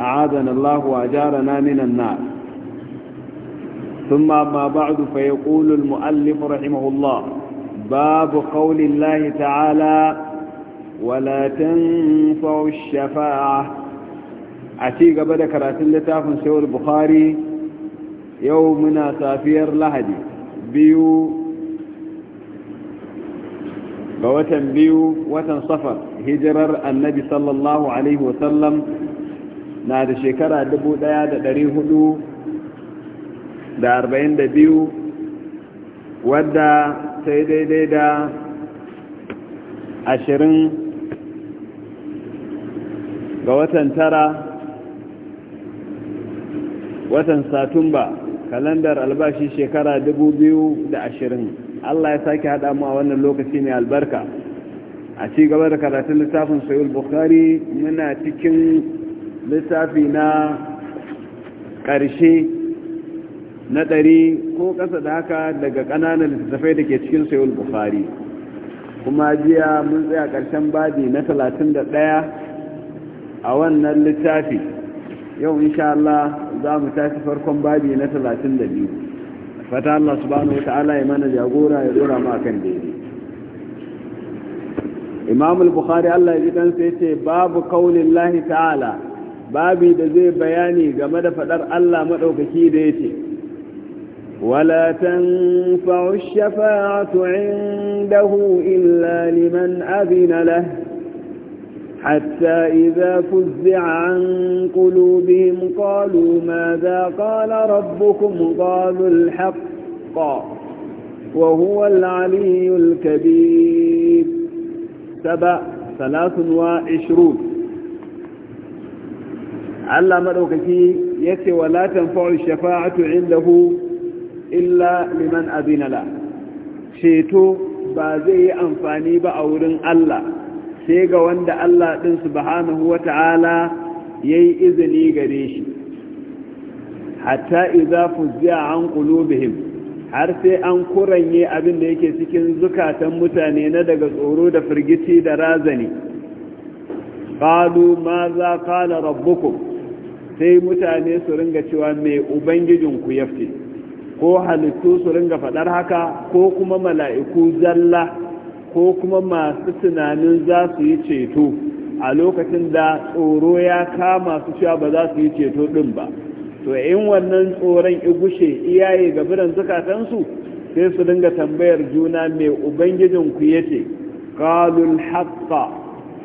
أعاذنا الله وأجارنا من النار ثم ما بعد فيقول المؤلف رحمه الله باب قول الله تعالى ولا تنفع الشفاعة أتي قبل كراتين في سوى البخاري يومنا سافير لهدي بيو بوتن بيو وتن صفر هجرر النبي صلى الله عليه وسلم na da shekara 1442 wadda ta yi daidai da 20 ga watan tara watan satumba kalandar albashi shekara ashirin. Allah ya sake haɗa mu a wannan lokaci mai albarka a cigaba da karatun littafin sayul bukhari muna cikin littafi na ƙarshe na ɗari ko ƙasa da haka daga ƙananan littattafai da ke cikin sayul bukhari kuma jiya mun tsaya ƙarshen babi na talatin da ɗaya a wannan littafi yau insha Allah za mu tashi farkon babi na talatin da biyu fata Allah subhanahu wa ta'ala ya mana jagora ya dora mu kan daidai Imamul bukari bukhari Allah ya ji ya ce babu kaulillahi lahi ta'ala babi da zai bayani game da fadar Allah madaukaki da yace wala tanfa'u ash-shafa'atu 'indahu illa liman adina lahu حتى إذا فزع عن قلوبهم قالوا ماذا قال ربكم قالوا الحق وهو العلي الكبير سبع ثلاث وعشرون Allah madaukaki yace wala tanfa'u shafa'atu indahu illa liman adina la ceto ba zai yi amfani ba a wurin Allah sai ga wanda Allah din subhanahu wata'ala yayi izini gare shi hatta idza fuzza an qulubihim har sai an kuranye abin da yake cikin zukatan mutane na daga tsoro da firgici da razani ƙalu ma za ƙala rabbukum sai mutane su ringa cewa mai ubangijin ku fi ko halittu su ringa faɗar haka ko kuma mala'iku zalla ko kuma masu tunanin za su yi ceto a lokacin da tsoro ya kama su cewa ba za su yi ceto ɗin ba to in wannan tsoron igushe iyaye ga biran zukatansu sai su dinga tambayar juna mai ubangijin ya ce kalul haƙƙa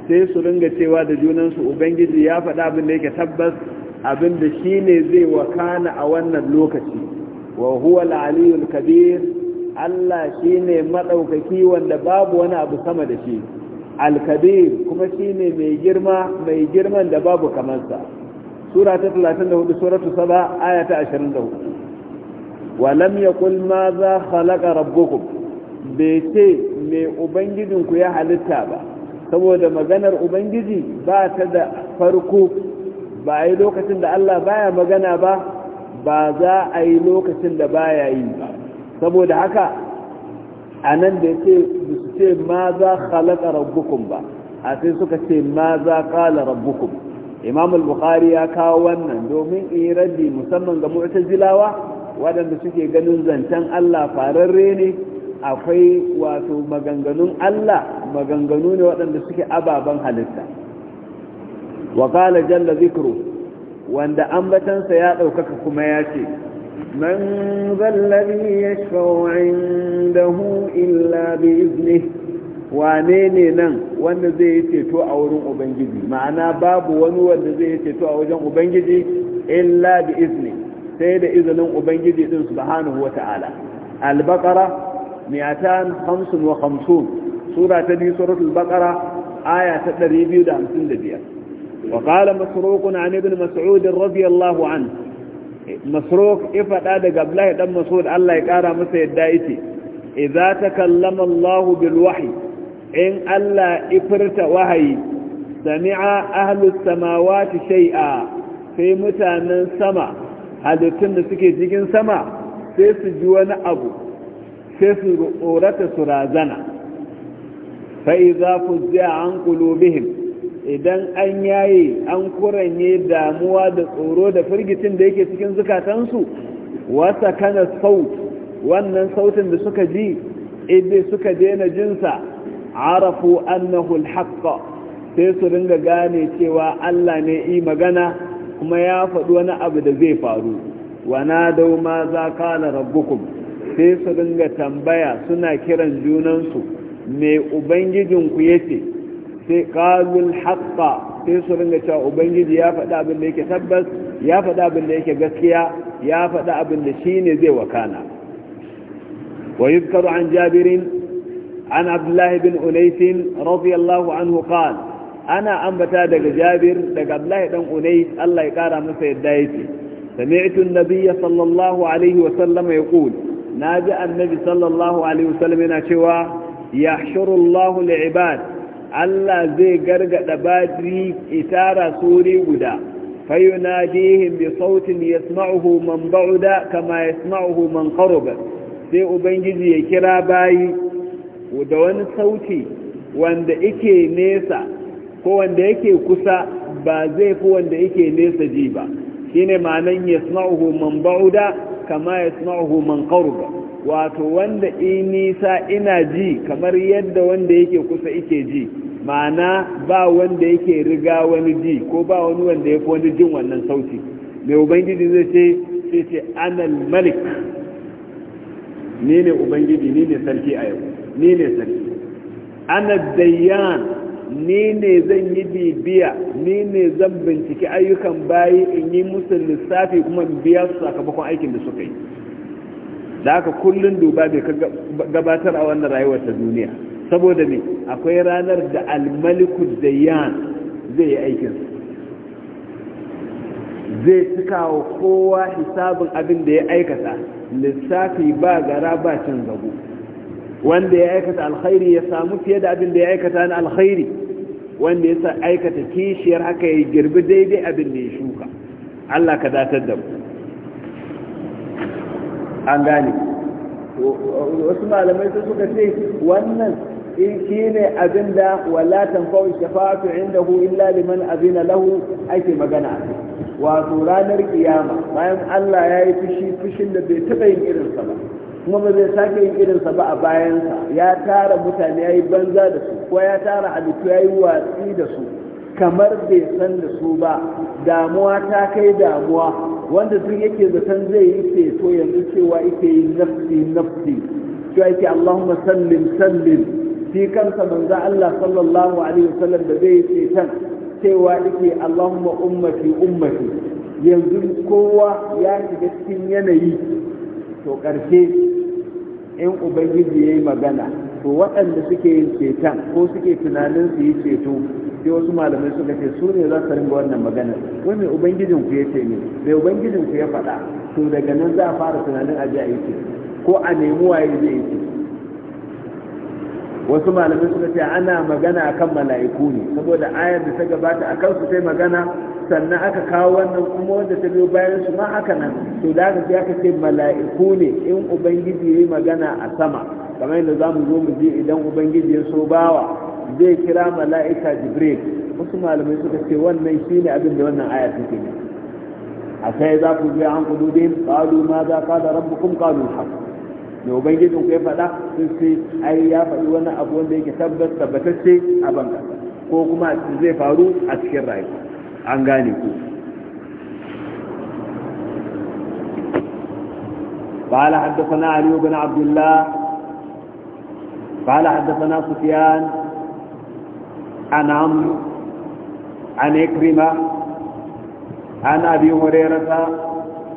sai su dinga cewa da junansu ubangiji ya faɗa abin da yake tabbas abinda ne zai wakana a wannan lokaci wa huwa al-aliyul kabir Allah ne madaukaki wanda babu wani abu sama da shi al-kabir kuma ne mai girma mai girman da babu kamar sa sura ta 34 suratu saba aya ta 24 wa lam yaqul ma za khalaqa rabbukum bai ce mai ubangijinku ya halitta ba saboda maganar ubangiji ba ta da farko ba a yi lokacin da Allah baya magana ba ba za a yi lokacin da baya yi ba saboda haka a nan da ce su ce ma za khalaqa rabbukum ba a sai suka ce ma za kala rabbukum imam al-bukhari ya kawo wannan domin iradi musamman ga mu'tazilawa waɗanda suke ganin zancen Allah fararre ne akwai wato maganganun Allah maganganu ne waɗanda suke ababen halitta wa qala jalla Zikiru, wanda ambatansa ya ɗaukaka kuma ya ce man zallabi yashfa'u indahu illa bi iznihi wane ne nan wanda zai yi ceto a wurin ubangiji ma'ana babu wani wanda zai yi ceto a wajen ubangiji illa bi sai da izinin ubangiji din subhanahu wata'ala al-baqara 255 sura ta bi suratul bakara aya ta 255 وقال مسروق عن ابن مسعود رضي الله عنه مسروق daga Abdullah dan Mas'ud Allah ya kara masa yadda yake idza takallama Allah bil in Allah ifirta wahayi sami'a ahli samawati shay'a sai mutanen sama halittun da suke cikin sama sai su ji wani abu sai su razana surazana fa idza fuzza an qulubihim idan an yaye an kuranye damuwa da tsoro da firgicin da yake cikin zukatansu wasa kana saut wannan sautin da suka ji idan suka daina jinsa arafu annahu alhaqqa sai su ringa gane cewa Allah ne yi magana kuma ya faɗi wani abu da zai faru wana dau ma za kana rabbukum sai su ringa tambaya suna kiran junansu me ubangijinku yace sai qalul haqqa sai su ringa cewa ubangiji ya faɗa abin da yake tabbas ya faɗa abin da yake gaskiya ya faɗa abin da shi ne zai wakana wa yuzkaru an jabirin an abdullahi bin unais radiyallahu anhu qala ana ambata daga jabir daga abdullahi dan unais Allah ya kara masa yadda yake سمعت النبي صلى الله عليه وسلم يقول ناجى النبي صلى الله عليه وسلم نشوى يحشر الله لعباد Allah zai gargada badri itara suri guda fayunadihim bi sautin yasma'uhu man ba'da kama yasma'uhu man qaraba sai ubangiji ya kira bayi da wani sauti wanda yake nesa ko wanda yake kusa ba zai fi wanda yake nesa ji ba shine ma'anan yasma'uhu man ba'da kama yasma'uhu man qaraba wato wanda in nisa ina ji kamar yadda wanda yake kusa yake ji ma'ana ba wanda yake riga wani ji ko ba wani wanda ya fi wani jin wannan sauti mai ubangiji zai ce sai ce anal malik ni ne ubangiji ni ne sarki a yau ni ne sarki ana dayyan ni ne zan yi bibiya ni ne zan binciki ayyukan bayi in yi musu lissafi kuma in biya su sakamakon aikin da suka yi da haka kullum duba bai gabatar a wannan rayuwar ta duniya saboda me akwai ranar da almaliku yan zai yi aikinsa zai cika wa kowa hisabin abin da ya aikata lissafi ba gara ba can zago wanda ya aikata alkhairi ya samu fiye da abin da ya aikata na alkhairi wanda ya aikata kishiyar haka ya girbi daidai abin da ya shuka Allah ka datar da mu an gane wasu malamai sun suka ce wannan in shi ne abin da wala tanfa'u inda hu illa liman azina lahu ake magana wato ranar kiyama bayan Allah ya yi fushi fushin da bai taɓa yin irinsa ba kuma ba zai sake yin irinsa ba a bayansa ya tara mutane ya yi banza da su ko ya tara halittu ya yi watsi da su kamar bai san da su ba damuwa ta kai damuwa wanda duk yake zaton zai yi feto, yanzu cewa yake yi nafsi nafsi cewa yake Allahumma sallim sallim shi kansa manzo Allah sallallahu alaihi wasallam da zai ce can cewa yake Allahumma ummati ummati yanzu kowa ya shiga cikin yanayi to ƙarshe in ubangiji ya magana to waɗanda suke yin ceton ko suke tunanin su yi ceto sai wasu malamai suka ce su ne za su ringa wannan magana wai mai ubangijin ku ya ce ne mai ubangijin ku ya faɗa to daga nan za a fara tunanin a je a yi ce ko a nemi waye zai yi ce wasu malamai suka ce ana magana akan mala'iku ne saboda ayar da ta gabata akan su sai magana sannan aka kawo wannan kuma wanda ta biyo bayan su ma haka nan to da aka ya ce mala'iku ne in ubangiji yayi magana a sama kamar yadda zamu zo mu je idan ubangiji ya so bawa zai kira mala'ika jibril wasu malamai suka ce wannan shine abin da wannan aya take ne a sai za ku je an kududin qalu ma za qala rabbukum qalu al da ubangijin ku ya faɗa sun ce ai ya faɗi wani abu wanda yake tabbas tabbatacce a banka ko kuma zai faru a cikin rayuwa an gane ku قال حدثنا علي بن عبد الله قال حدثنا سفيان عن عمرو عن إكرمة عن أبي هريرة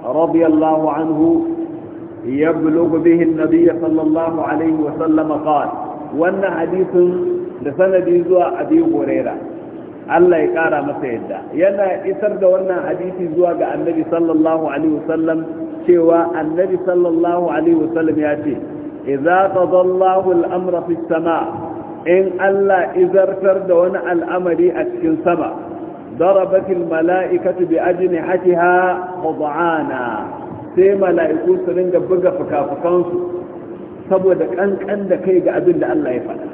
رضي الله عنه يبلغ به النبي صلى الله عليه وسلم قال وأن حديث لسند Allah ya ƙara masa yadda yana isar da wannan hadisi zuwa ga annabi cewa annabi sallallahu ya ce idza qadallahu al-amra in Allah izartar da wani al'amari a cikin sama darabat al-mala'ikatu bi ajnihatiha qud'ana sai mala'iku su ringa buga fuka-fukansu saboda kankan da kai ga abin da Allah ya faɗa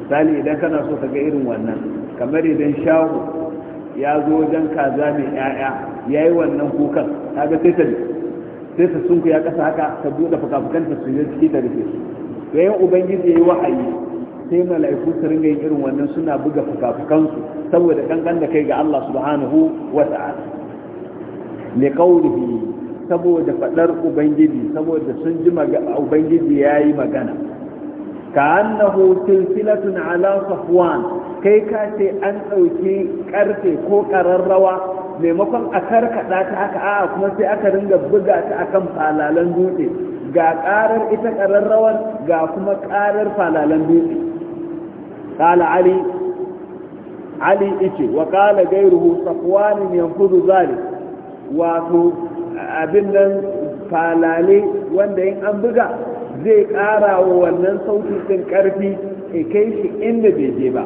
misali idan kana so ka ga irin wannan kamar idan shahu ya zo wajen kaza mai ƴaƴa ya yi wannan kukan kaga sai ta sai ta sunku ya kasa haka ta buɗe fuka-fukanta su yi ciki ta rufe su yayin ubangiji ya yi wahayi sai mala'iku su ringa yin irin wannan suna buga fuka-fukansu saboda kankan da kai ga Allah subhanahu wa ta'ala saboda faɗar ubangiji saboda sun ji ubangiji ya yi magana ka annahu silsilatun ala safwan kai ka ce an ɗauki ƙarfe ko ƙararrawa maimakon a karkaɗa ta haka a kuma sai aka ringa buga ta akan falalan dutse ga ƙarar ita ƙararrawan, ga kuma ƙarar falalan dutse ƙala ali ali ice wa ƙala gairuhu safwan yanfudu zalik wato abin nan falale wanda in an buga zai ƙara wa wannan sautin din ƙarfi ya kai shi inda bai je ba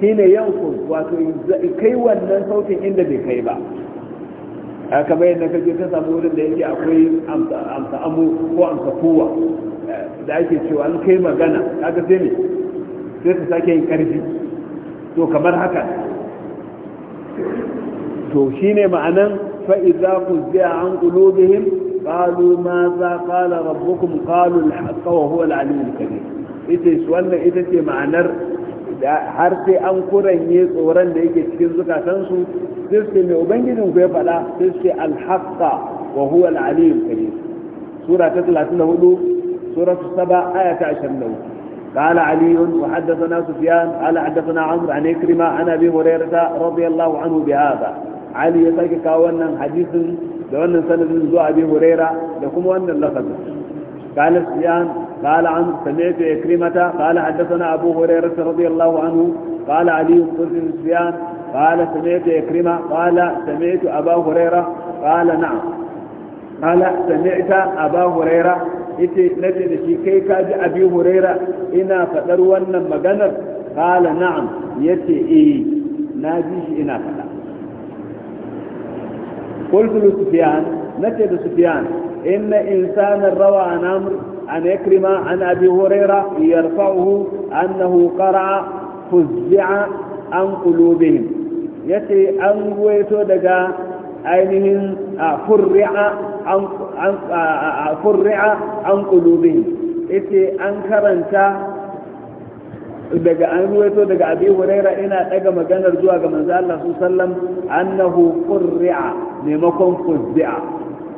shi ne yankun wato kai wannan sautin inda bai kai ba a kamar yadda kake ka samu wurin da yake akwai amsa amu ko amsa kowa da ake cewa an kai magana kaga sai ne sai ka sake yin ƙarfi to kamar haka to shi ne ma'anan فإذا فزع عن قلوبهم قالوا ماذا قال ربكم قالوا الحق وهو العلي الكبير ita wannan ita ce ma'anar har sai an kuranye tsoron da yake cikin zukatansu sai su mai ubangijin ku ya faɗa sai su alhaqqa wa huwa al-aliyyul kabir sura ta 34 sura saba aya ta 24 قال علي وحدثنا سفيان قال حدثنا عمرو عن إكرمة عن أبي هريرة رضي الله عنه بهذا ali ya sake kawo wannan hadisin da wannan sanadin zuwa abi huraira da kuma wannan lafazin قال سفيان قال عن سمعت إكرمة قال حدثنا أبو هريرة رضي الله عنه قال علي بن سفيان قال سمعت إكرمة قال سمعت أبا هريرة قال نعم قال سمعت أبا هريرة ite nace da shi kai ka ji abi ina faɗar wannan maganar kala na'am yace e na ji shi ina faɗa قلت لسفيان نجد سفيان إن إنسانا روى عن أمر أن يكرم عن أبي هريرة يرفعه أنه قرأ فزع عن قلوبهم يتي أنويت دقا عن furri'a an kulubi ita an karanta daga an ruwaito daga abi huraira ina daga maganar zuwa ga manzo Allah sallallahu alaihi wasallam annahu qurra maimakon fuzzi'a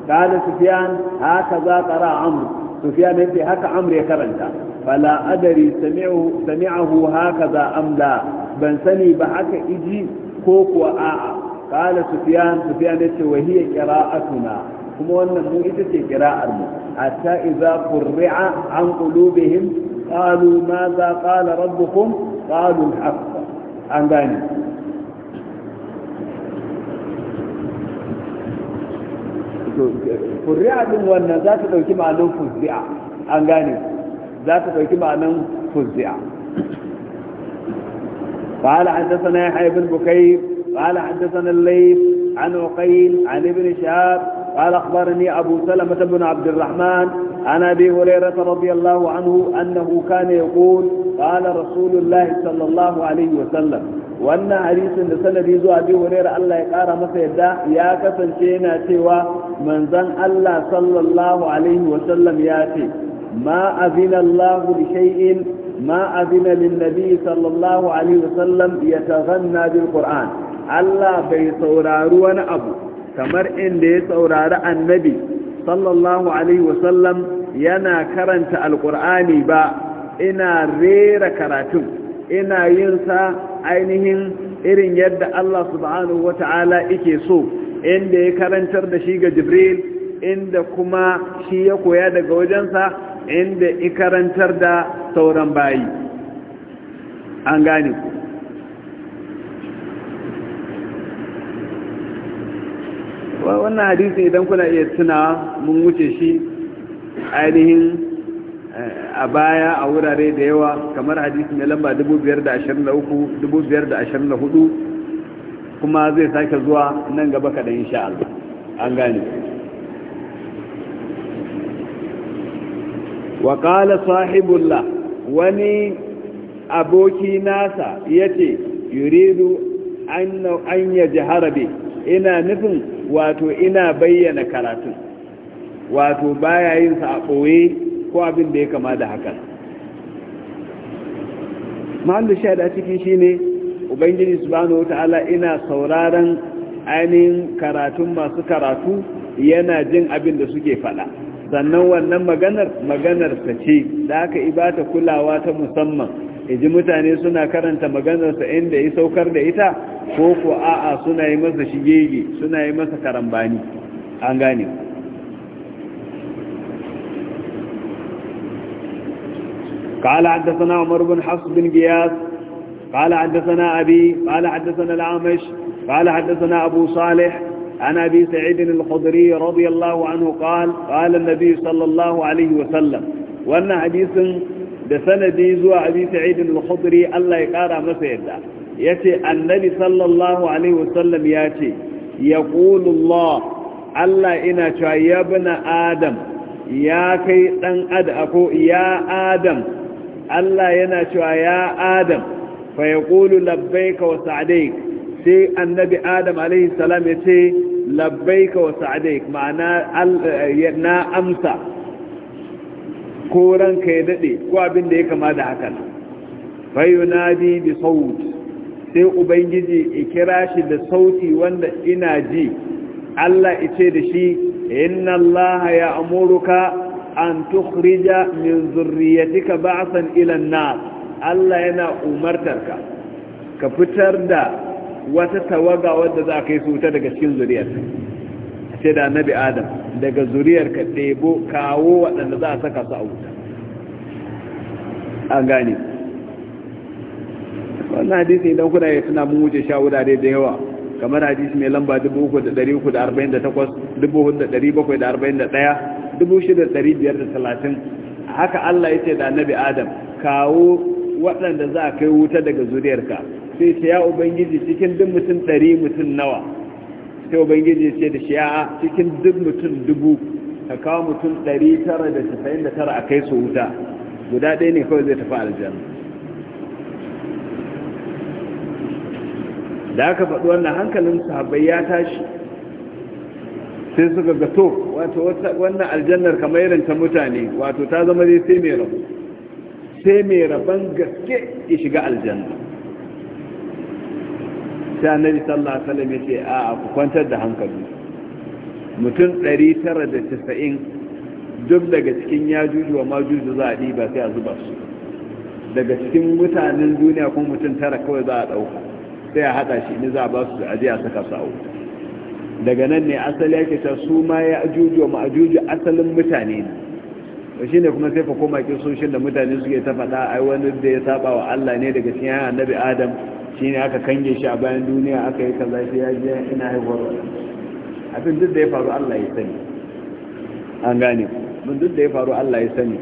kana sufyan haka za qara amr sufyan yace haka amr ya karanta fala adari sami'u sami'ahu haka za amla ban sani ba haka iji ko kuwa a'a kana sufyan sufyan yace wa hiya qira'atuna kuma wannan mu ita ce qira'ar mu hatta idza qur'a an qulubihim qalu ma za kala rabbukum qalu al-haqq an gane. to furri'a din wannan za ta ɗauki ma'anan fuzzi'a an gane za ta ɗauki ma'anan fuzzi'a قال حدثنا يحيى بن بكير قال حدثنا الليث عن عقيل عن ابن شهاب قال اخبرني ابو سلمه بن عبد الرحمن عن ابي هريره رضي الله عنه انه كان يقول قال رسول الله صلى الله عليه وسلم wannan hadisin da sanadi zuwa bi hurairah Allah ya kara masa yadda ya kasance yana cewa manzon Allah sallallahu alaihi wa sallam ya ce ma azina Allah li shay'in ma azina lin nabi sallallahu alaihi wa sallam yataghanna bil qur'an Allah bai saurari wani abu kamar inda ya saurari annabi sallallahu alaihi wa sallam yana karanta alqur'ani ba ina rera karatun ina yin sa ainihin irin yadda Allah subhanahu wa ta'ala ike so inda ya karantar da shi ga jibril inda kuma shi ya koya daga wajensa inda ya karantar da sauran bayi an gane wannan hadisi idan kuna iya tunawa mun wuce shi ainihin Eh, a baya a wurare da yawa kamar hadisi mai lamba 523 kuma zai sake zuwa nan gaba kaɗan insha Allah an gane wa qala sahibullah wani aboki nasa yace yuridu an an yajhara bi ina nufin wato ina bayyana karatu wato baya yin sa a ɓoye ko abin da ya kama da haka mahallu shaida shi ne, ubangiji subhanahu ta'ala ina sauraron ainihin karatun masu karatu yana jin abin da suke faɗa sannan wannan maganar maganar ta ce da aka ibata kulawa ta musamman iji mutane suna karanta maganarsa inda ya saukar da ita ko ko a'a suna yi masa shigege suna yi masa karambani an gane قال حدثنا عمر بن حفص بن قياس قال حدثنا أبي قال حدثنا العامش قال حدثنا أبو صالح عن أبي سعيد الخضري رضي الله عنه قال قال النبي صلى الله عليه وسلم وأن حديث بسندي زوى أبي سعيد الخضري الله يقارى مسيدا يتي النبي صلى الله عليه وسلم ياتي يقول الله الله إنا يا ابن آدم يا كي أن أدأكو يا آدم Allah yana cewa ya Adam fa Kulu labbaika wa sa'daik sai annabi Adam alaihi salam ya ce labbaika wa sa'daik ma'ana eh, na amsa ko ranka ya daɗe, ko abin da ya kama da hakan fa yunadi bi sai ubangiji ya kira shi da sauti wanda ina ji Allah ya ce da shi inna Allah ya amuruka an tukhrija min zurriyatika ba'san ila an-nar Allah yana umartar ka ka fitar da wata tawaga wadda za ka yi su ta daga cikin zuriyarka sai da nabi adam daga zuriyarka ɗebo kawo waɗanda za a saka su a wuta an gane wannan hadisi idan kuna yi suna mun wuce sha wurare da yawa kamar hadisi mai lamba 3,348 4,741 6,530 haka Allah ya ce da annabi adam kawo waɗanda za a kai wuta daga zuriyarka sai ce ya ubangiji cikin duk mutum ɗari mutum nawa sai ubangiji ce da shi ya cikin duk mutum dubu ka kawo mutum 999 a kai su wuta guda ɗaya ne kawai zai tafi aljanna da aka faɗi wannan hankalin sahabbai ya tashi sai suka ga to wato wannan aljannar kamar irin ta mutane wato ta zama dai sai mai rabu sai mai rabon gaske ya shiga aljanna sai annabi sallallahu alaihi wasallam yace a ku kwantar da hankali mutum 990 duk daga cikin juju wa majuju za a diba sai a zuba su daga cikin mutanen duniya kuma mutum tara kawai za a dauka sai a hada shi ni za a ba su aje a saka sawo daga nan ne asali yake ta su ma ya ajuju ma ajuju asalin mutane ne shi ne kuma sai fa koma shin da mutane suke ta faɗa ai wani da ya saba wa Allah ne daga cikin annabi Adam shi ne aka kange shi a bayan duniya aka yi kaza shi ya je ina haihuwar abin duk da ya faru Allah ya sani an gane mun duk da ya faru Allah ya sani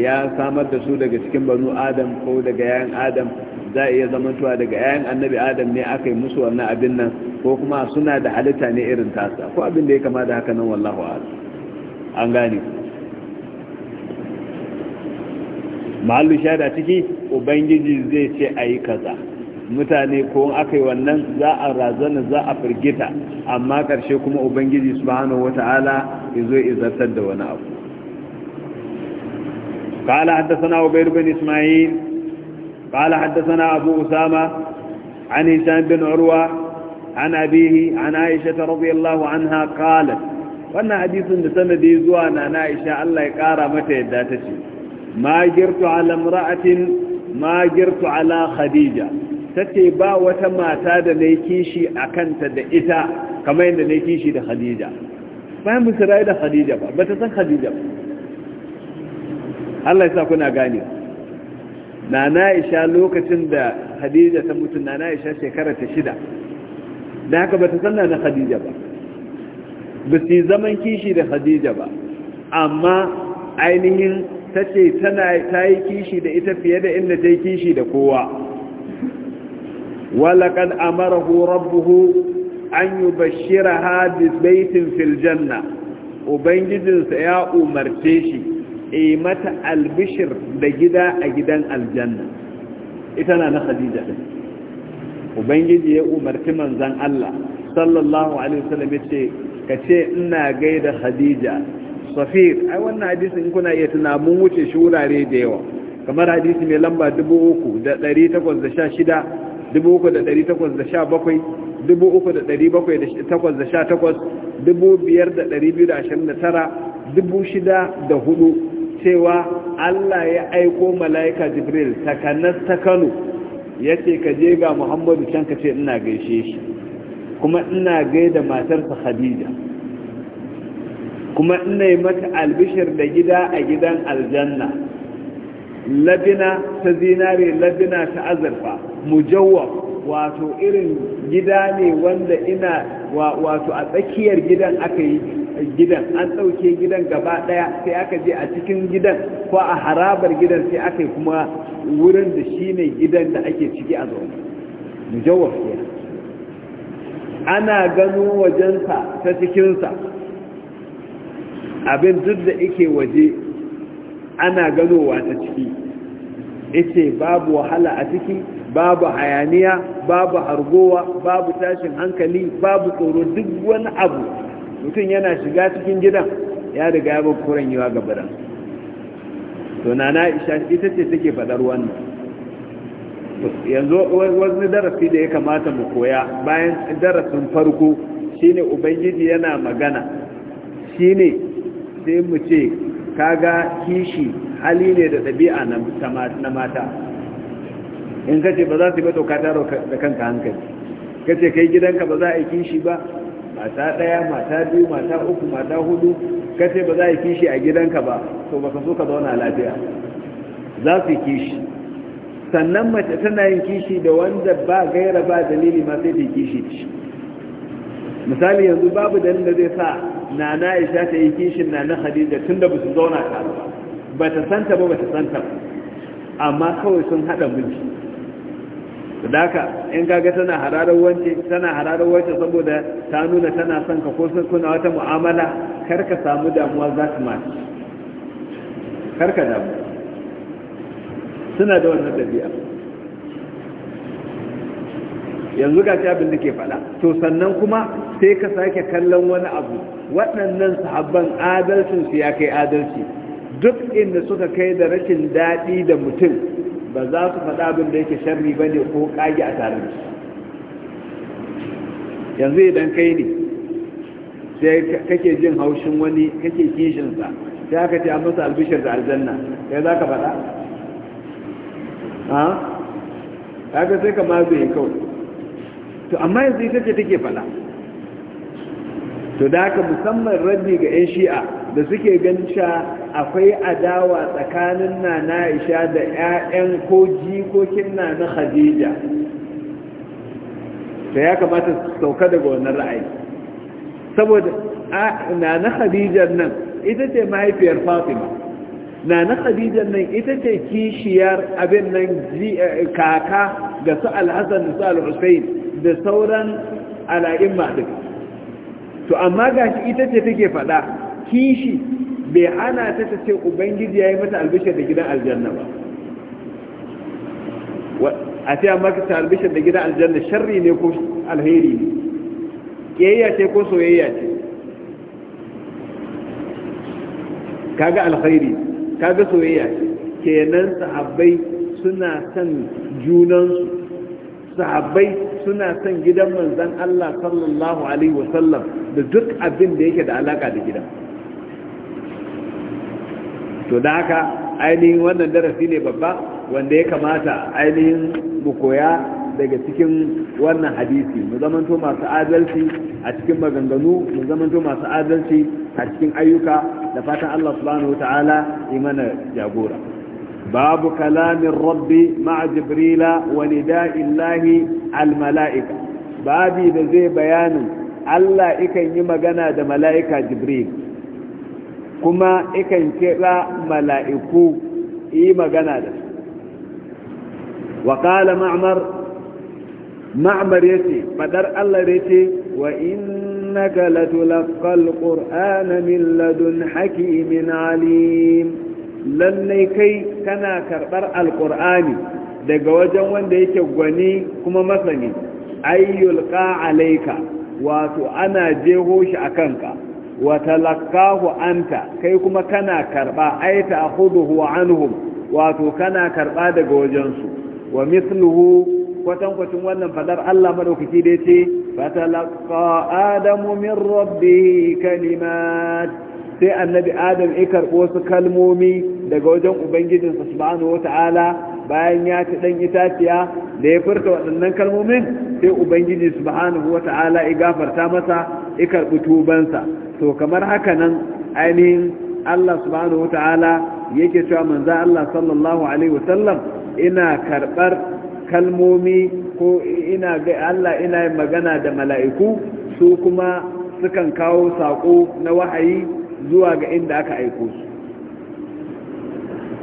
ya samar da su daga cikin banu Adam ko daga yayin Adam za a iya zamantowa daga 'ya'yan annabi adam ne aka yi musu wannan abin nan ko kuma suna da halitta ne irin tasa ko abin da ya kama da haka nan wallahu an gane mahallu shada ciki ubangiji zai ce a yi kaza mutane ko aka yi wannan za a razana za a firgita amma karshe kuma ubangiji subhanahu wata'ala ya zo izartar da wani abu قال حدثنا عبير بن إسماعيل قال حدثنا أبو أسامة عن هشام بن عروة عن أبيه عن عائشة رضي الله عنها قالت wannan hadisin da sanadi zuwa na na'isha Allah ya kara mata yadda ta ce ma girtu ala imra'atin ma girtu ala khadija tace ba wata mata da nayi kishi akanta da ita kamar yadda nayi kishi da khadija bayan musu da khadija ba san khadija ba gane nana isha lokacin da hadija ta mutu nana isha shekara ta shida da haka ba ta sanna na hadija ba ba su zaman kishi da hadija ba amma ainihin ta ce ta yi kishi da ita fiye da inda ta yi kishi da kowa walakan amarahu rabbuhu an yi bashira ha baitin filjanna ubangijinsa ya umarce shi e mata albishir da gida a gidan aljanna ita na na khadija din ubangiji ya umarci manzan Allah sallallahu alaihi wasallam yace ce ina gaida khadija safir ai wannan in kuna iya tuna mun wuce shi wurare da yawa kamar hadisi mai lamba 3816 3817 3718 5229 6,004 cewa Allah ya aiko mala'ika jibril takanas ta kano ya ce ka je ga muhammadu can ka ce ina gaishe shi kuma ina gaida matarsa khadija kuma ina yi mata albishir da gida a gidan aljanna labina ta zinare labina ta azurfa mujawwa wato irin gida ne wanda ina wato a tsakiyar gidan aka yi gidan an ɗauke gidan gaba ɗaya sai aka je a cikin gidan ko a harabar gidan sai aka yi kuma wurin da shi ne gidan da ake ciki a zaune mujawar fiya ana gano wajensa ta cikinsa abin duk da ike waje ana ganowa ta ciki ita babu wahala a ciki babu hayaniya babu hargowa babu tashin hankali babu tsoro duk wani abu mutum yana shiga cikin gidan ya riga ya kuran yiwa ga biran to nana isha ita ce take faɗar wannan yanzu wani darasi da ya kamata mu koya bayan darasin farko shine ubangiji yana magana shine sai mu ce kaga kishi hali ne da ɗabi'a na mata in ka ba za su yi ba to ka taro da kanka hankali ka kai gidanka ba za a yi kishi ba mata ɗaya mata biyu mata uku mata hudu ka ce ba za a kishi a gidanka ba to baka so ka zauna lafiya za su kishi sannan mace tana yin kishi da wanda ba gaira ba dalili ma sai ta kishi misali yanzu babu dalilin da zai sa nana aisha ta yi kishin nana khadija tunda ba su zauna tare ba ba ta santa ba ba ta santa ba amma kawai sun haɗa miji daka in kaga tana hararar wance tana hararar wace saboda ta nuna tana son ka ko sun kuna wata mu'amala kar ka samu damuwa za su mace kar ka damu suna da wannan dabi'a yanzu ga abin da ke faɗa to sannan kuma sai ka sake kallon wani abu waɗannan sahabban adalcinsu ya kai adalci duk inda suka kai da rashin daɗi da mutum ba za su faɗa abin da yake sharri ba ne ko ƙage a tare da shi yanzu idan kai ne sai kake jin haushin wani kake kishinsa sai aka ce an masa albishir da aljanna sai za ka faɗa ha ka sai ka yi kawai to amma yanzu ita ce take faɗa to da haka musamman raddi ga 'yan shi'a da suke ganin cewa akwai adawa tsakanin nana aisha da 'ya'yan ko jikokin nana khadija To ya kamata su sauka daga wannan ra'ayi saboda nana khadijar nan ita ce mahaifiyar fatima nana khadijar nan ita ce kishiyar abin nan eh, kaka ga su alhassan da su alhussein da sauran ala'in maɗin to amma gashi ita ce take faɗa kishi bai ana ta ta ce ubangiji ya yi mata albishir da gidan aljanna ba a ce amma ta albishir da gidan aljanna sharri ne ko alheri ne kiyayya ce ko soyayya ce kaga alheri kaga soyayya ce kenan sahabbai suna son junansu sahabbai suna son gidan manzan Allah sallallahu alaihi wasallam da duk abin da yake da alaka da gidan to da haka ainihin wannan darasi ne babba wanda ya kamata ainihin mu koya daga cikin wannan hadisi mu zamanto masu adalci a cikin maganganu mu zamanto masu adalci a cikin ayyuka da fatan Allah subhanahu wataala imana jagora babu kalamin rabbi ma'a jibrila wa nida'illahi al mala'ika babi da zai bayanin Allah ikan yi magana da mala'ika jibril kuma ikan kira mala’iku yi magana da su wa kala ma'amar ma'amar ya ce fadar Allah ya ce wa na galatu lafkal ƙur'ana min ladun haƙi min alim lannai kai kana karɓar alƙur'ani daga wajen wanda yake gwani kuma masani ayyulka alaika wato ana jeho shi a kanka wa talakahu anta kai kuma kana karba ai ta'khuduhu anhum wato kana karba daga wajensu wa mithluhu kwatankwacin wannan fadar Allah madaukaki da yace fatalaqa adamu min rabbihi kalimat sai annabi adam ya karbo su kalmomi daga wajen ubangijinsa subhanahu wataala bayan ya ci dan itaciya da ya furta waɗannan kalmomin sai ubangiji subhanahu wataala ya gafarta masa ya tubansa to kamar haka nan ainihin Allah subhanahu wata'ala yake cewa manzan Allah sallallahu alaihi wasallam ina karbar kalmomi ko ina ga Allah ina magana da mala'iku su kuma sukan kawo saƙo na wahayi zuwa ga inda aka aiko su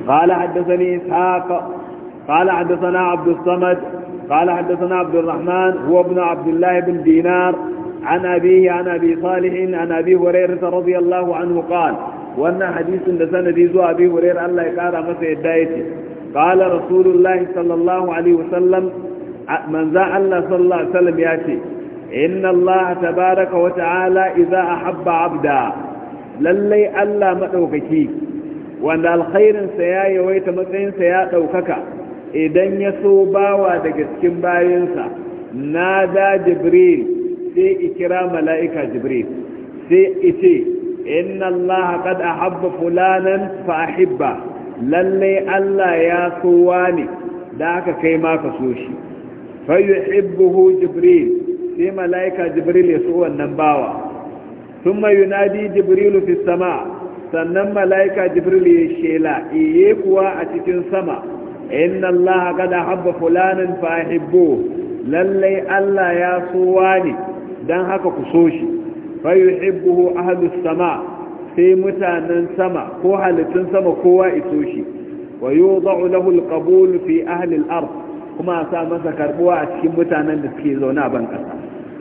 قال حدثني إسحاق قال حدثنا عبد الصمد قال حدثنا عبد الرحمن هو ابن عبد الله بن دينار عن أبيه عن أبي صالح عن أبي هريرة رضي الله عنه قال وأن حديث لسنة ديزو أبي هريرة الله يقال مسا يدايتي قال رسول الله صلى الله عليه وسلم من ذا الله صلى الله عليه وسلم يأتي إن الله تبارك وتعالى إذا أحب عبدا للي ألا مدوككي وأن الخير سياي ويتمتعين سياء دوكك إذن يسوبا ودقسكم باينسا نادى جبريل sai ikira mala'ika jibril sai ice inna allaha qad ahabba fulanan fa ahibba Lallai allah ya so ne da aka kai ma ka so shi fa jibril sai mala'ika jibril ya so wannan bawa thumma yunadi jibril fi sama sannan mala'ika jibril ya shela iye kuwa a cikin sama inna allaha qad ahabba fulanan fa lallai Allah ya so ne don haka ku so shi fayuhibbuhu ahlus sama sai mutanen sama ko halittun sama kowa iso shi wa yudau lahu qabul fi ahli al-ard kuma a sa masa karbuwa a cikin mutanen da suke zaune a ban kasa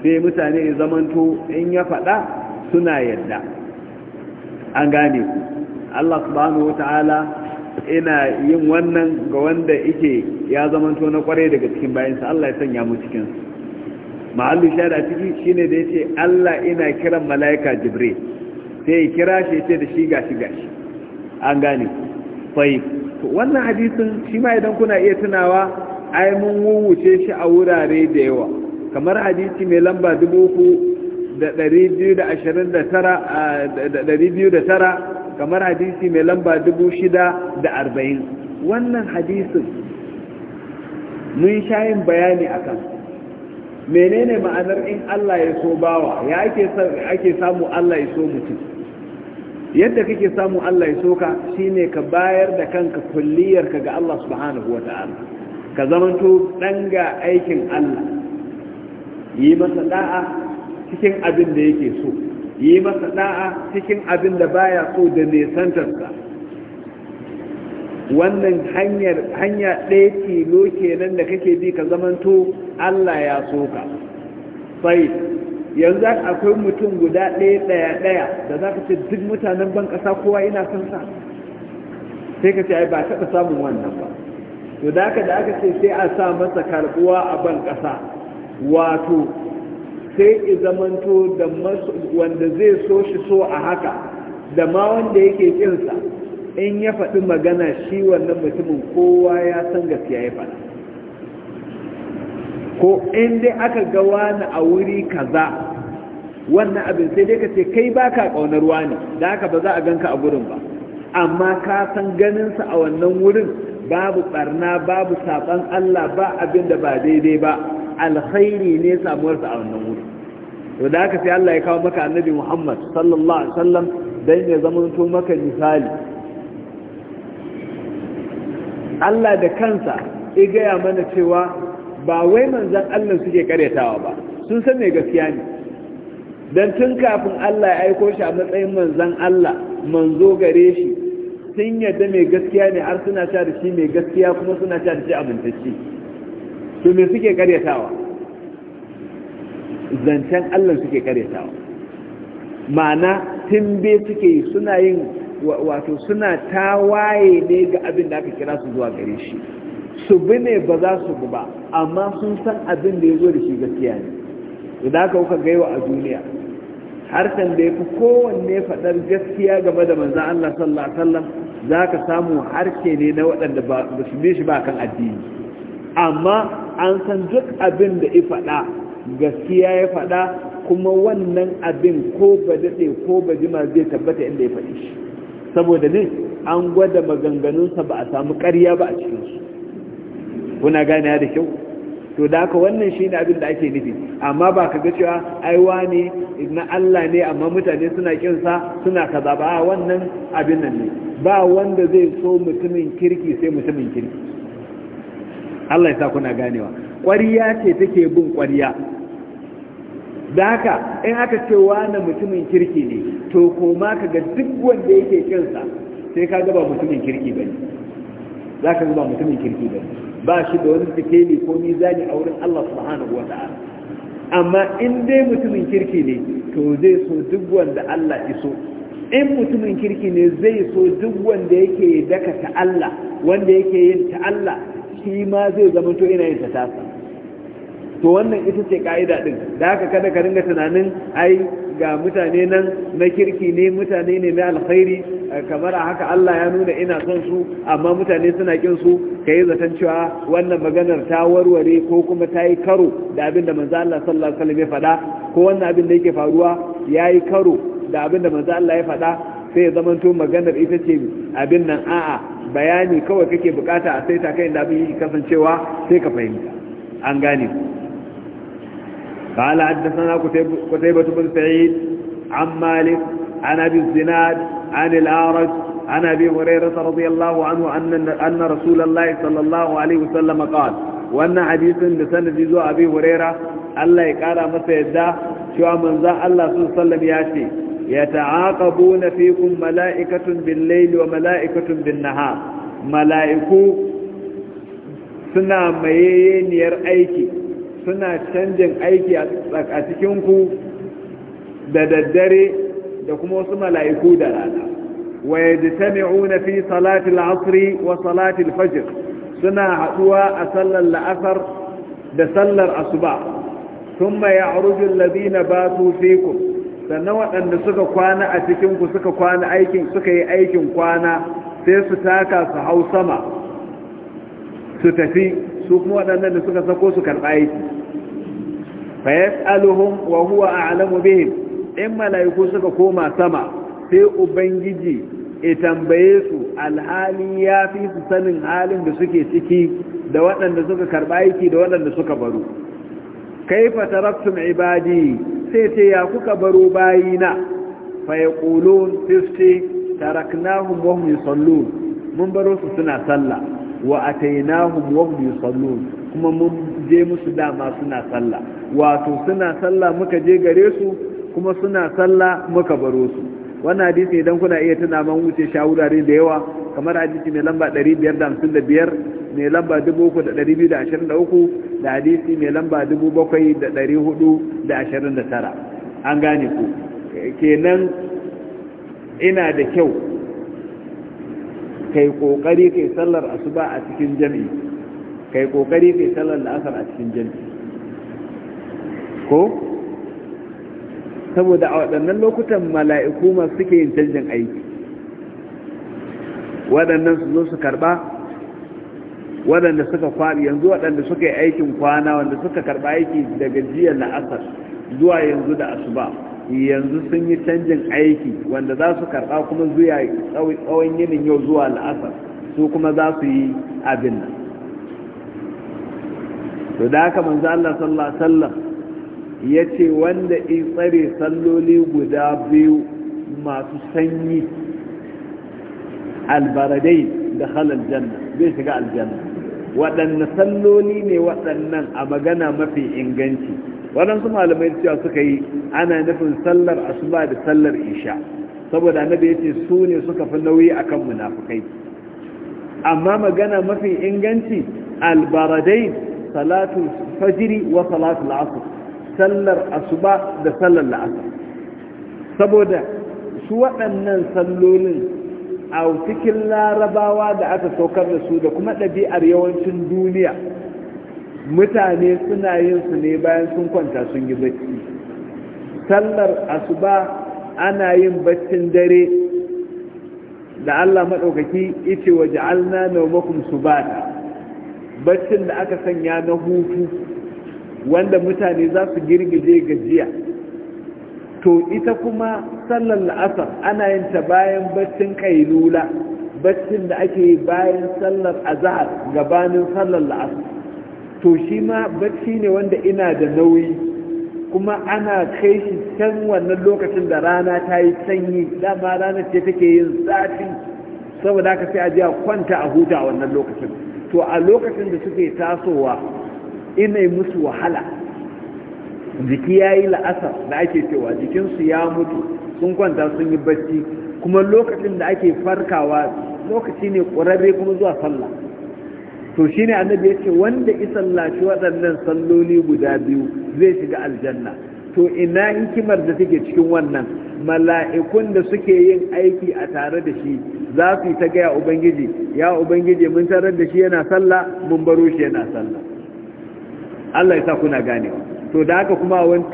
sai mutane ya zamanto in ya faɗa suna yadda an gane ku Allah subhanahu wataala ina yin wannan ga wanda yake ya zamanto na kware daga cikin bayansa Allah ya sanya mu cikin ma'allu shada ciki shine da yace Allah ina kiran malaika jibril sai kira shi ce da shi gashi gashi an gane fai wannan hadisin shi ma idan kuna iya tunawa ai mun wuce shi a wurare da yawa kamar hadisi mai lamba 3229 kamar hadisi mai lamba 640 wannan hadisin mun sha yin bayani a akan menene ma'anar in Allah ya so bawa ya ake samu Allah ya so mutum yadda kake samu Allah ya so ka shine ka bayar da kanka kulliyar ka ga Allah subhanahu wata'ala ka zamanto dan ga aikin Allah yi masa da'a cikin abin da yake so yi masa da'a cikin abin da baya so da nesantarsa wannan hanyar hanya ɗaya tilo kenan da kake bi ka zamanto Allah ya so ka sai yanzu akwai mutum guda ɗaya ɗaya ɗaya da za ka ce duk mutanen ban ƙasa kowa ina son sa sai ka ce ai ba taɓa samun wannan ba to da aka da aka ce sai a sa masa karɓuwa a ban ƙasa wato sai i zamanto da wanda zai so shi so a haka da ma wanda yake kinsa in ya faɗi magana shi wannan mutumin kowa ya san gaskiya ya faɗa ko in dai aka ga wani a wuri kaza wannan abin sai dai ka ce kai baka ƙaunar wani da haka ba za a ganka a gurin ba amma ka san ganinsa a wannan wurin babu ɓarna babu saban Allah ba abin da ba daidai ba alkhairi ne samuwarsa a wannan wurin to da haka sai Allah ya kawo maka annabi Muhammad sallallahu alaihi wasallam dan ya zama to maka misali Allah da kansa ya gaya mana cewa ba wai manzan Allah suke karyatawa ba sun san mai gaskiya ne don tun kafin Allah ya aiko shi a matsayin manzan Allah manzo gare shi sun yadda mai gaskiya ne har suna sha da shi mai gaskiya kuma suna sha da shi abintacci to me suke karyatawa zancen Allah suke karyatawa ma'ana timbe suke suna yin wato suna tawaye ne ga abin da aka kira su zuwa gare shi su bi ne ba za su bi ba amma sun san abin da ya zo da shi gaskiya ne idan aka kuka gaiwa a duniya harshen da yafi kowanne faɗar gaskiya game da manzan Allah sallallahu alaihi wasallam za ka samu harke ne na waɗanda ba su bi shi ba kan addini amma an san duk abin da ya faɗa gaskiya ya faɗa kuma wannan abin ko ba daɗe ko ba jima zai tabbata inda ya faɗi shi saboda ne an gwada maganganunsa ba a samu ƙarya ba a cikinsu kuna gane da kyau to da aka wannan shi ne abin da ake nufi amma ba ka ga cewa aiwa ne na Allah ne amma mutane suna kinsa suna kaza ba wannan abin nan ne ba wanda zai so mutumin kirki sai mutumin kirki Allah ya sa kuna ganewa ƙwariya ce take bin ƙwariya da haka in aka ce wani mutumin kirki ne to koma ka ga duk wanda yake kinsa sai ka ga ba mutumin kirki bane za ka ga ba mutumin kirki bane ba shi da wani sikeli ko mizani a wurin Allah subhanahu wa ta'ala amma in dai mutumin kirki ne to zai so duk wanda Allah iso in mutumin kirki ne zai so duk wanda yake daka ta Allah wanda yake yin ta Allah shi ma zai zama to ina yin ta tasa to wannan ita ce ka'ida din da haka kada ka ringa tunanin ai ga mutane nan na kirki ne mutane ne mai alkhairi kamar a haka Allah ya nuna ina son su amma mutane suna kin su kai zaton cewa wannan maganar ta warware ko kuma ta yi karo da abin da manzo Allah sallallahu alaihi wasallam ya faɗa ko wannan abin da yake faruwa ya yi karo da abin da manzo Allah ya faɗa sai ya zamanto maganar ita ce abin nan a'a bayani kawai kake bukata a saita kai da abin kasancewa sai ka fahimta an gane قال حدثنا قتيبة بن سعيد عن مالك عن أبي الزناد عن الأعرج عن أبي هريرة رضي الله عنه أن, أن رسول الله صلى الله عليه وسلم قال وأن حديث لسند ذو أبي هريرة الله يقال مسيدا شو من ذا الله صلى الله عليه وسلم يأتي يتعاقبون فيكم ملائكة بالليل وملائكة بالنهار ملائكو سنا ميين يرأيكي suna canjin aiki a cikinku da daddare da kuma wasu mala'iku da rana wa yajtami'una fi salati al wa salati fajr suna haɗuwa a sallar la'asar da sallar asuba thumma ba alladhina batu fikum sannan waɗanda suka kwana a cikinku suka kwana aikin suka yi aikin kwana sai su taka su hau sama su tafi su kuma waɗannan da suka sako su karɓa aiki fa yas'aluhum wa huwa a'lamu bihim in malaiku suka koma sama sai ubangiji ya tambaye su alhali ya fi su sanin halin da suke ciki da waɗanda suka karba aiki da waɗanda suka baro kaifa taraktum ibadi sai ce ya kuka baro bayina fa yaqulun tisti taraknahum wa hum yusallun mun baro su suna sallah wa atainahum wa hum yusallun kuma mun je musu dama suna sallah wato suna sallah muka je gare su kuma suna sallah muka baro su wannan hadisi idan kuna iya tuna man wuce shawurare da yawa kamar hadisi mai lamba 555 mai lamba 3223 da hadisi mai lamba 7429 an gane ku kenan ina da kyau kai kokari kai sallar asuba a cikin jami'i kai kokari kai sallar la'asar a cikin jami'i ko saboda a waɗannan lokutan mala'iku masu suke yin canjin aiki waɗannan su zo su karɓa waɗanda suka faɗi yanzu waɗanda suka yi aikin kwana wanda suka karɓa aiki daga jiya la'asar zuwa yanzu da asuba yanzu sun yi canjin aiki wanda za su karɓa kuma zuya tsawon yinin yau zuwa la'asar su kuma za su yi abin nan to da haka manzo Allah sallallahu alaihi wasallam yace wanda i tsare salloli guda biyu masu sanyi albaradai da halal janna zai shiga aljanna waɗanne salloli ne waɗannan a magana mafi inganci waɗansu malamai cewa suka yi ana nufin sallar asuba da sallar isha saboda annabi ya ce su ne suka fi nauyi akan munafukai amma magana mafi inganci albaradai salatu fajiri wa salatu la'asar sallar asuba da sallar la'asar saboda su waɗannan sallolin a cikin larabawa da aka saukar da su da kuma ɗabi'ar yawancin duniya mutane suna yin su ne bayan sun kwanta sun yi bacci sallar asuba ana yin baccin dare da Allah maɗaukaki ice wa ja'alna naumakum subata baccin da aka sanya na hutu wanda mutane za su girgije gajiya to ita kuma sallar la'asar ana yin ta bayan baccin kailula baccin da ake bayan sallar azahar gabanin sallar la'asar to shi ma bacci ne wanda ina da nauyi kuma ana kai shi can wannan lokacin da rana ta yi sanyi dama rana ce take yin zafi saboda haka sai ajiya kwanta a huta a wannan lokacin to a lokacin da suke tasowa ina musu wahala jiki ya yi la'asar da ake cewa jikinsu ya mutu sun kwanta sun yi bacci kuma lokacin da ake farkawa lokaci ne ƙwararre kuma zuwa sallah to shi ne annabi ya ce wanda isallaci waɗannan salloli guda biyu zai shiga aljanna to ina hikimar da take cikin wannan mala'ikun da suke yin aiki a tare da shi za su yi ta gaya ubangiji ya ubangiji mun tarar da shi yana sallah mun baro shi yana sallah Allah ya sa kuna gane. to da haka kuma wani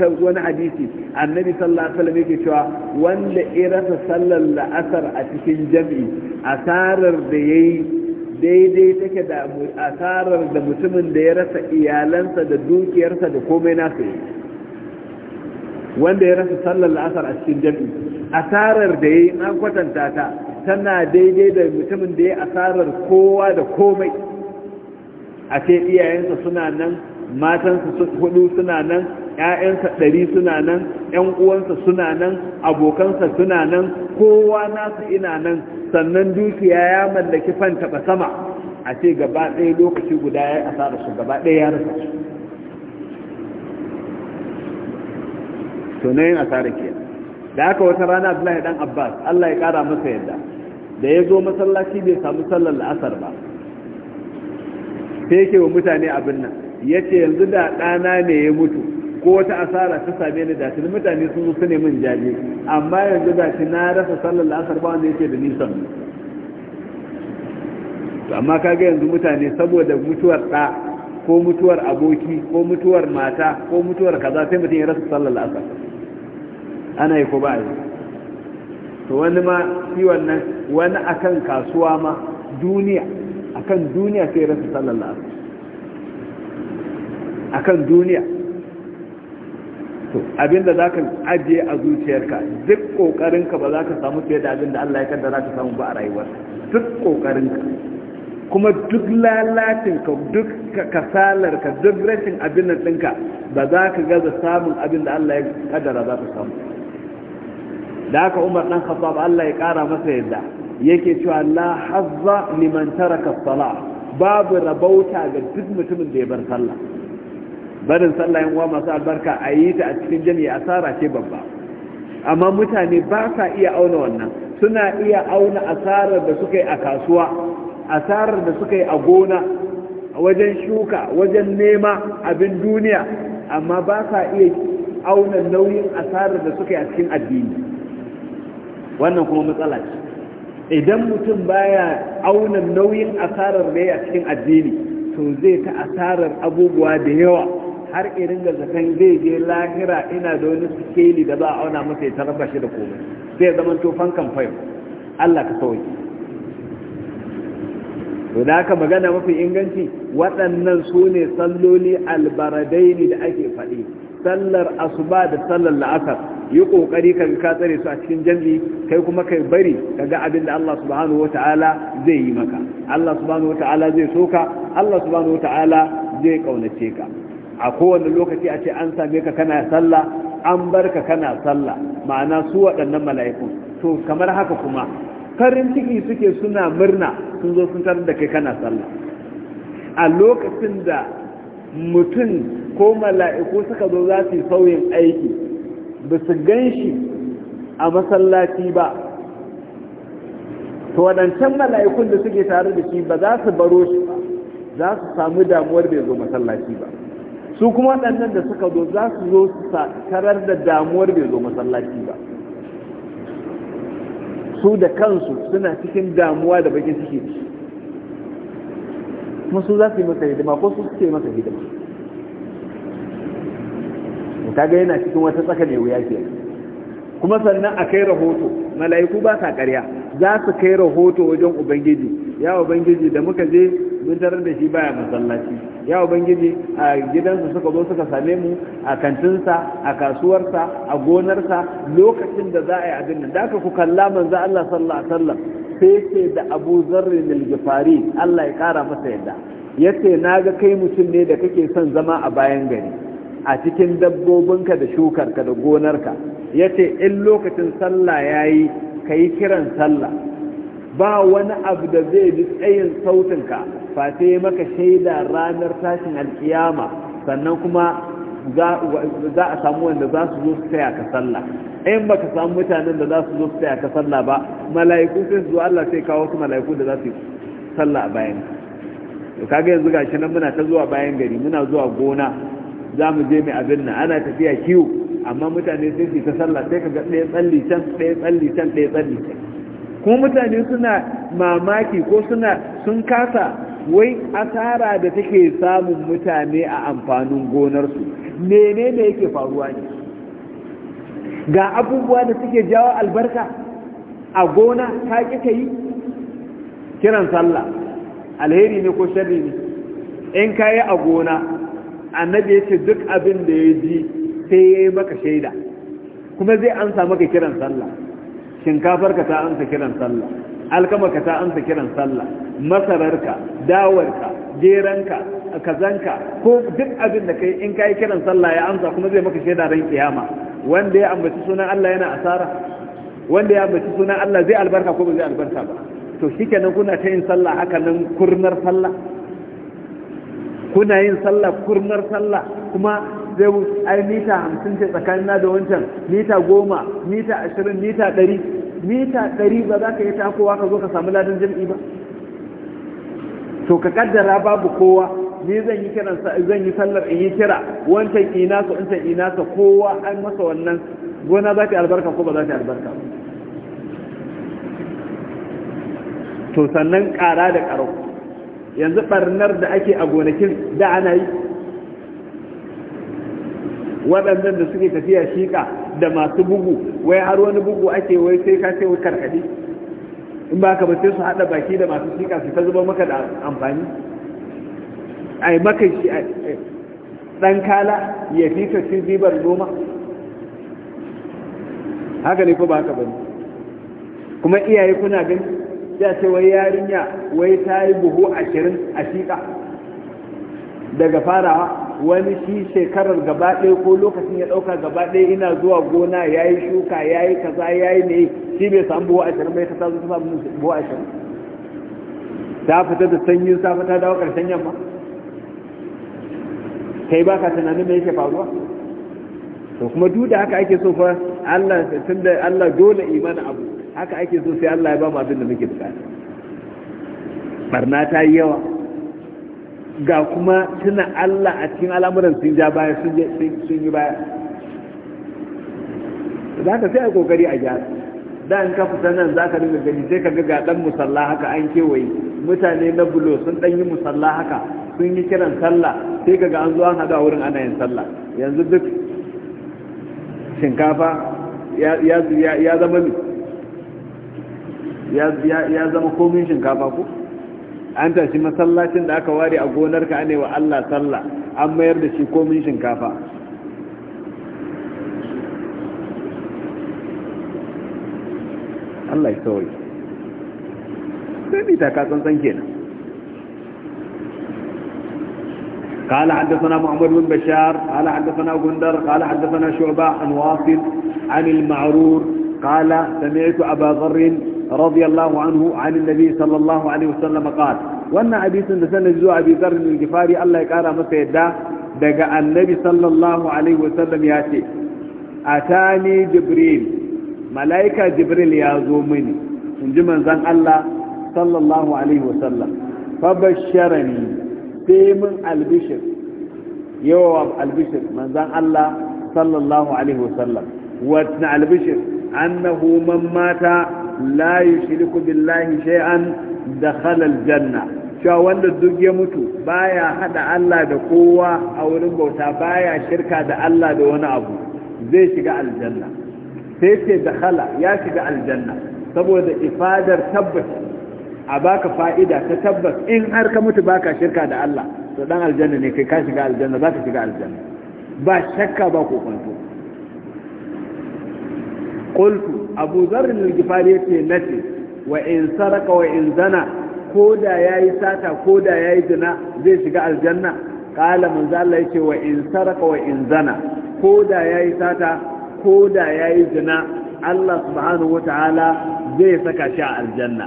hadisi annabi sallallahu alaihi wasallam yake cewa wanda irasa sallar la'asar a cikin jami'i asarar da yayi daidai take da asarar da mutumin da ya rasa iyalansa da dukiyarsa da komai su yi wanda ya rasa sallar la'asar a cikin jami'i asarar da ya yi an kwatanta ta tana daidai da mutumin da ya asarar kowa da komai a ce iyayensa suna nan matansu hudu suna nan ‘ya'yansa ɗari suna nan ‘yan uwansa suna nan abokansa suna nan kowa nasu ina nan sannan dukiya ya mallaki fan taɓa sama a ce gaba ɗaya lokaci guda ya yi asara su gaba ɗaya ya rasa su to na yin asara ke da haka wata rana abdullahi ɗan abbas allah ya ƙara masa yadda da ya zo masallaci bai samu sallar la'asar ba sai yake wa mutane abin nan ya ce yanzu da ɗana ne ya mutu ko wata asara ta same ni da tun mutane sun zo su ne min jaje amma yanzu da shi na rasa sallar la'asar ba wanda yake da nisan amma kaga yanzu mutane saboda mutuwar ɗa ko mutuwar aboki ko mutuwar mata ko mutuwar kaza sai mutum ya rasa sallar la'asar ana yi ko ba yi to wani ma shi wannan wani akan kasuwa ma duniya akan duniya sai rasa sallar la'asar akan duniya to abinda za ka ajiye a zuciyarka duk ƙoƙarinka ba za ka samu fiye da abinda Allah ya kaddara ka samu ba a rayuwar duk ƙoƙarinka kuma duk lalatinka duk kasalarka duk rashin abin da ɗinka ba za ka gaza samun abin da Allah ya kaddara za ka samu da haka umar ɗan khattab Allah ya kara masa yadda yake cewa la hazza liman taraka salah babu rabauta ga duk mutumin da ya bar sallah barin sallah yan uwa masu albarka a yi ta a cikin a asara ce babba amma mutane ba sa iya auna wannan suna iya auna asarar da suka yi a kasuwa asarar da suka yi a gona wajen shuka wajen nema abin duniya amma ba sa iya auna nauyin asarar da suka yi a cikin addini wannan kuma matsala ce idan mutum baya auna nauyin asarar da ya cikin addini to zai ta asarar abubuwa da yawa har irin ga zakan zai je lahira ina da wani sikeli da za a auna masa ya tarba shi da komai zai zama tofan kamfayo Allah ka sauki to da aka magana mafi inganci waɗannan su ne salloli albaradaini da ake faɗi sallar asuba da sallar la'asar yi ƙoƙari ka ka tsare su a cikin jam'i kai kuma kai bari ka ga abin da Allah subhanahu wa ta'ala zai yi maka Allah subhanahu wa ta'ala zai soka Allah subhanahu wa ta'ala zai ƙaunace ka a kowane lokaci a ce an same ka kana sallah an bar ka kana sallah ma'ana su waɗannan mala'iku to kamar haka kuma farin ciki suke suna murna sun zo sun tarar da kai kana sallah a lokacin da mutum ko mala'iku suka zo za su sauyin aiki ba su gan shi a masallaci ba to waɗancan mala'ikun da suke tare da shi ba za su baro shi ba za su samu damuwar bai zo masallaci ba su kuma waɗannan da suka zo za su zo su tarar da damuwar bai zo masallaci ba su da kansu suna cikin damuwa da bakin ciki kuma su za su yi masa hidima ko su suke masa hidima kaga yana cikin wata tsaka mai wuya ke kuma sannan a kai rahoto mala'iku ba sa karya za su kai rahoto wajen ubangiji ya ubangiji da muka je mun tarar da shi baya masallaci ya ubangiji a gidansu suka zo suka same mu a kantinsa a kasuwarsa a gonarsa lokacin da za a yi abin nan da ku kalla manzo Allah sallallahu alaihi wasallam sai ce da Abu Zarri al Allah ya kara masa yadda yace naga kai mutum ne da kake son zama a bayan gari a cikin dabbobinka da shukarka da gonarka yace in lokacin sallah yayi kai kiran sallah ba wani abu da zai bi tsayin sautinka face maka shaida ranar tashin alkiyama sannan kuma za a samu wanda za su zo su taya ka sallah in ba ka samu mutanen da za su zo su taya ka sallah ba mala'iku sai su zo Allah sai kawo su mala'iku da za su sallah a bayan to kaga yanzu gashi nan muna ta zuwa bayan gari muna zuwa gona za mu je mai abin nan ana tafiya kiwo amma mutane sai su ta sallah sai ka ga ɗaya tsalli can ɗaya tsalli can ɗaya tsalli can kuma mutane suna mamaki ko suna sun kasa wai asara da take samun mutane a amfanin gonarsu menene yake faruwa ne ga abubuwa da suke jawo albarka a gona ta ƙi yi kiran sallah alheri ne ko sharri ne in ka yi a gona annabi ya ce duk abin da ya ji sai ya yi maka shaida kuma zai ansa maka kiran sallah shinkafarka ta ansa kiran sallah alkamarka ta amsa kiran sallah masararka dawarka geranka kazanka ko duk abin da kai in yi kiran sallah ya amsa kuma zai maka shaida ran kiyama wanda ya ambaci sunan Allah yana asara wanda ya ambaci sunan Allah zai albarka ko ba zai albarka ba to shikenan kuna ta yin sallah haka nan kurnar sallah kuna yin sallah kurnar sallah kuma zai ai mita hamsin ce tsakanin na da wancan mita goma mita ashirin mita ɗari mita ɗari ba za ka yi takowa ka zo ka samu ladan jam'i ba to ka kaddara babu kowa ni zan yi kiran zan yi sallar in yi kira wancan ina su wancan ina su kowa an masa wannan gona za ta albarka ko ba za ta albarka to sannan ƙara da ƙaro yanzu ɓarnar da ake a gonakin da ana yi waɗannan da suke tafiya shiƙa da masu bugu wai har wani bugu ake wai sai ka ce wai karkade in ba ka ba sai su haɗa baki da masu sika su ta zuba maka da amfani ai maka shi dan kala ya fi ta cin ribar noma haka ne ko ba ka ba kuma iyaye kuna gani ya ce wai yarinya wai ta yi buhu ashirin a shika daga farawa wani shi shekarar gaba ɗaya ko lokacin ya ɗauka gaba ɗaya ina zuwa gona ya yi shuka ya yi kaza ya yi ne shi bai samu buwa ashirin bai kasa zuwa samun buwa ashirin ta fita da sanyin safa ta dawo ƙarshen yamma kai ba ka tunanin me yake faruwa to kuma duk da haka ake so fa Allah tunda Allah dole imani abu haka ake so sai Allah ya ba mu abin da muke bukata barna ta yi yawa ga kuma tuna Allah a cikin al'amuran sun ja baya sun yi baya za ka sai a kokari a gyara da in ka fita nan za ka dinga gani sai ka ga dan musalla haka an kewaye mutane na bulo sun dan yi musalla haka sun yi kiran sallah sai ka ga an zo an haɗu a wurin ana yin sallah yanzu duk shinkafa ya zama ya zama komin shinkafa ko an tashi masallacin da aka ware a gonarka ane wa Allah sallah an mayar da shi komin shinkafa Allah ya sauri sai bi ta katsantsan kenan قال حدثنا محمد بن بشار قال حدثنا غندر قال حدثنا شعبة عن واصل عن المعرور قال سمعت أبا ذر رضي الله عنه عن النبي صلى الله عليه وسلم قال وانا حديث سند زو ابي ذر الغفاري الله يقرا مسا يدا دغا النبي صلى الله عليه وسلم ياتي اتاني جبريل ملائكه جبريل يازو مني inji manzon Allah sallallahu alaihi wasallam fabashsharani sai mun albishir yawa albishir manzon Allah sallallahu alaihi wasallam wa albishir annahu man mata la yushriku billahi shay'an dakhala aljanna cewa wanda duk ya mutu baya hada Allah da kowa a wurin bauta baya shirka da Allah da wani abu zai shiga aljanna sai ce dakhala ya shiga aljanna saboda ifadar tabbas a baka fa'ida ta tabbas in har ka mutu baka shirka da Allah to dan aljanna ne kai ka shiga aljanna za ka shiga aljanna ba shakka ba ko kwanto qultu abu dharr al-ghifari yace nace wa in saraka wa in zana ko da yayi sata ko da yayi zina zai shiga aljanna qala za Allah yace wa in saraka wa in zana ko da yayi sata ko da yayi zina Allah subhanahu wataala zai saka shi a aljanna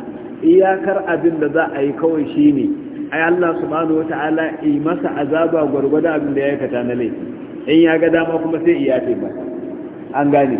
iyakar abin da za a yi kawai shine ai Allah subhanahu wata'ala yi masa azaba gwargwada abin da ya aikata na laifi in ya ga dama kuma sai iya ce ba an gane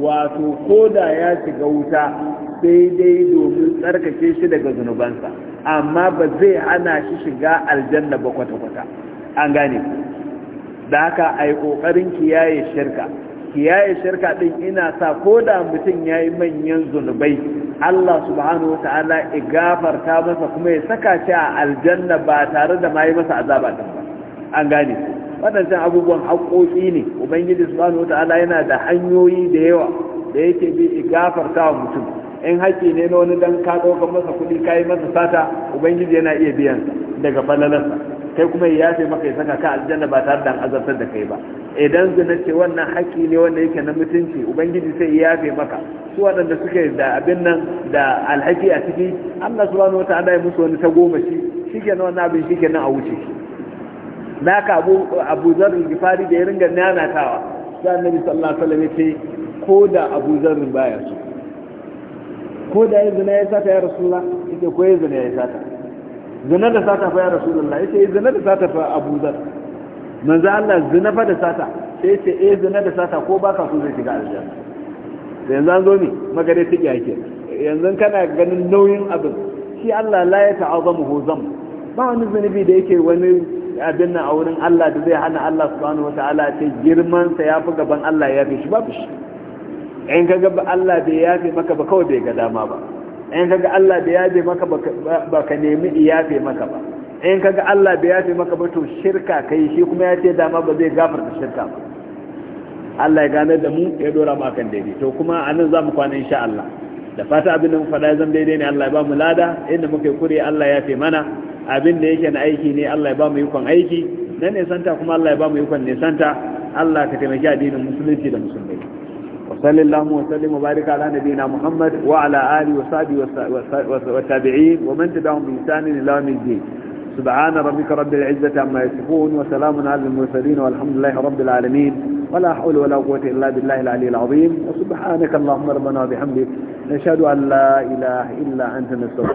wato koda ya shiga wuta sai dai domin tsarkake shi daga zunubansa amma ba zai ana shi shiga aljanna ba kwata-kwata an gane da haka a yi ƙoƙarin kiyaye shirka kiyaye shirka ɗin ina sa koda mutum ya yi manyan zunubai Allah subhanahu wa ta'ala ya gafarta masa kuma ya saka shi a aljanna ba tare da ma yi masa azaba ɗin ba an gane waɗancan abubuwan haƙoƙi ne ubangiji subhanahu wata'ala yana da hanyoyi da yawa da yake bi gafarta wa mutum in haƙƙi ne na wani dan ka ɗaukar masa kuɗi ka yi masa sata ubangiji yana iya biyan daga falalarsa kai kuma ya yafe maka ya saka ka aljanna ba tare da azabtar da kai ba idan zina ce wannan haƙƙi ne wanda yake na mutunci ubangiji sai ya yafe maka su waɗanda suke da abin nan da alhaki a ciki Allah subhanahu wata'ala ya musu wani tagomashi na wannan abin shi shikenan a wuce na ka abu abu zarin gifari da ya ringa nanatawa sai annabi sallallahu alaihi wasallam ya ce ko da abu zarin baya so ko da yanzu zina ya sata ya rasulullah yake ko yanzu ne ya sata zina da sata fa ya rasulullah yake eh, zina da sata fa abu zar manzo Allah zina fa da sata sai yace eh zina da sata ko baka so zai shiga aljanna yanzu an zo ni magare take yake yanzu kana ganin nauyin abin shi Allah la ya ta'azamu zam ba wani zunubi da yake wani abin nan a wurin Allah da zai hana Allah subhanahu wa ta'ala ce girman sa yafi gaban Allah ya fi shi babu shi in kaga ga Allah bai yafe maka ba kawai bai ga dama ba in kaga Allah bai yafe maka ba ka nemi iyafe maka ba in kaga Allah bai yafe maka ba to shirka kai shi kuma ya ce dama ba zai gafarta shirka ba Allah ya gane da mu ya dora mu akan daidai to kuma nan za mu kwana insha Allah da fata abin da mu faɗa zan daidai ne Allah ya ba mu lada inda muke kure Allah ya fi mana abin da yake na aiki ne Allah ya ba mu yukon aiki na nisanta kuma Allah ya ba mu yukon nisanta Allah ka taimaki addinin musulunci da musulmai wa sallallahu wa sallim wa barika ala nabiyina Muhammad wa ala alihi wa sahbihi wa tabi'in wa man tabi'ahum bi ihsan ila yawm سبحان ربك رب العزة عما يصفون وسلام على المرسلين والحمد لله رب العالمين ولا حول ولا قوة إلا بالله العلي العظيم وسبحانك اللهم ربنا وبحمدك نشهد أن لا إله إلا أنت نستغفرك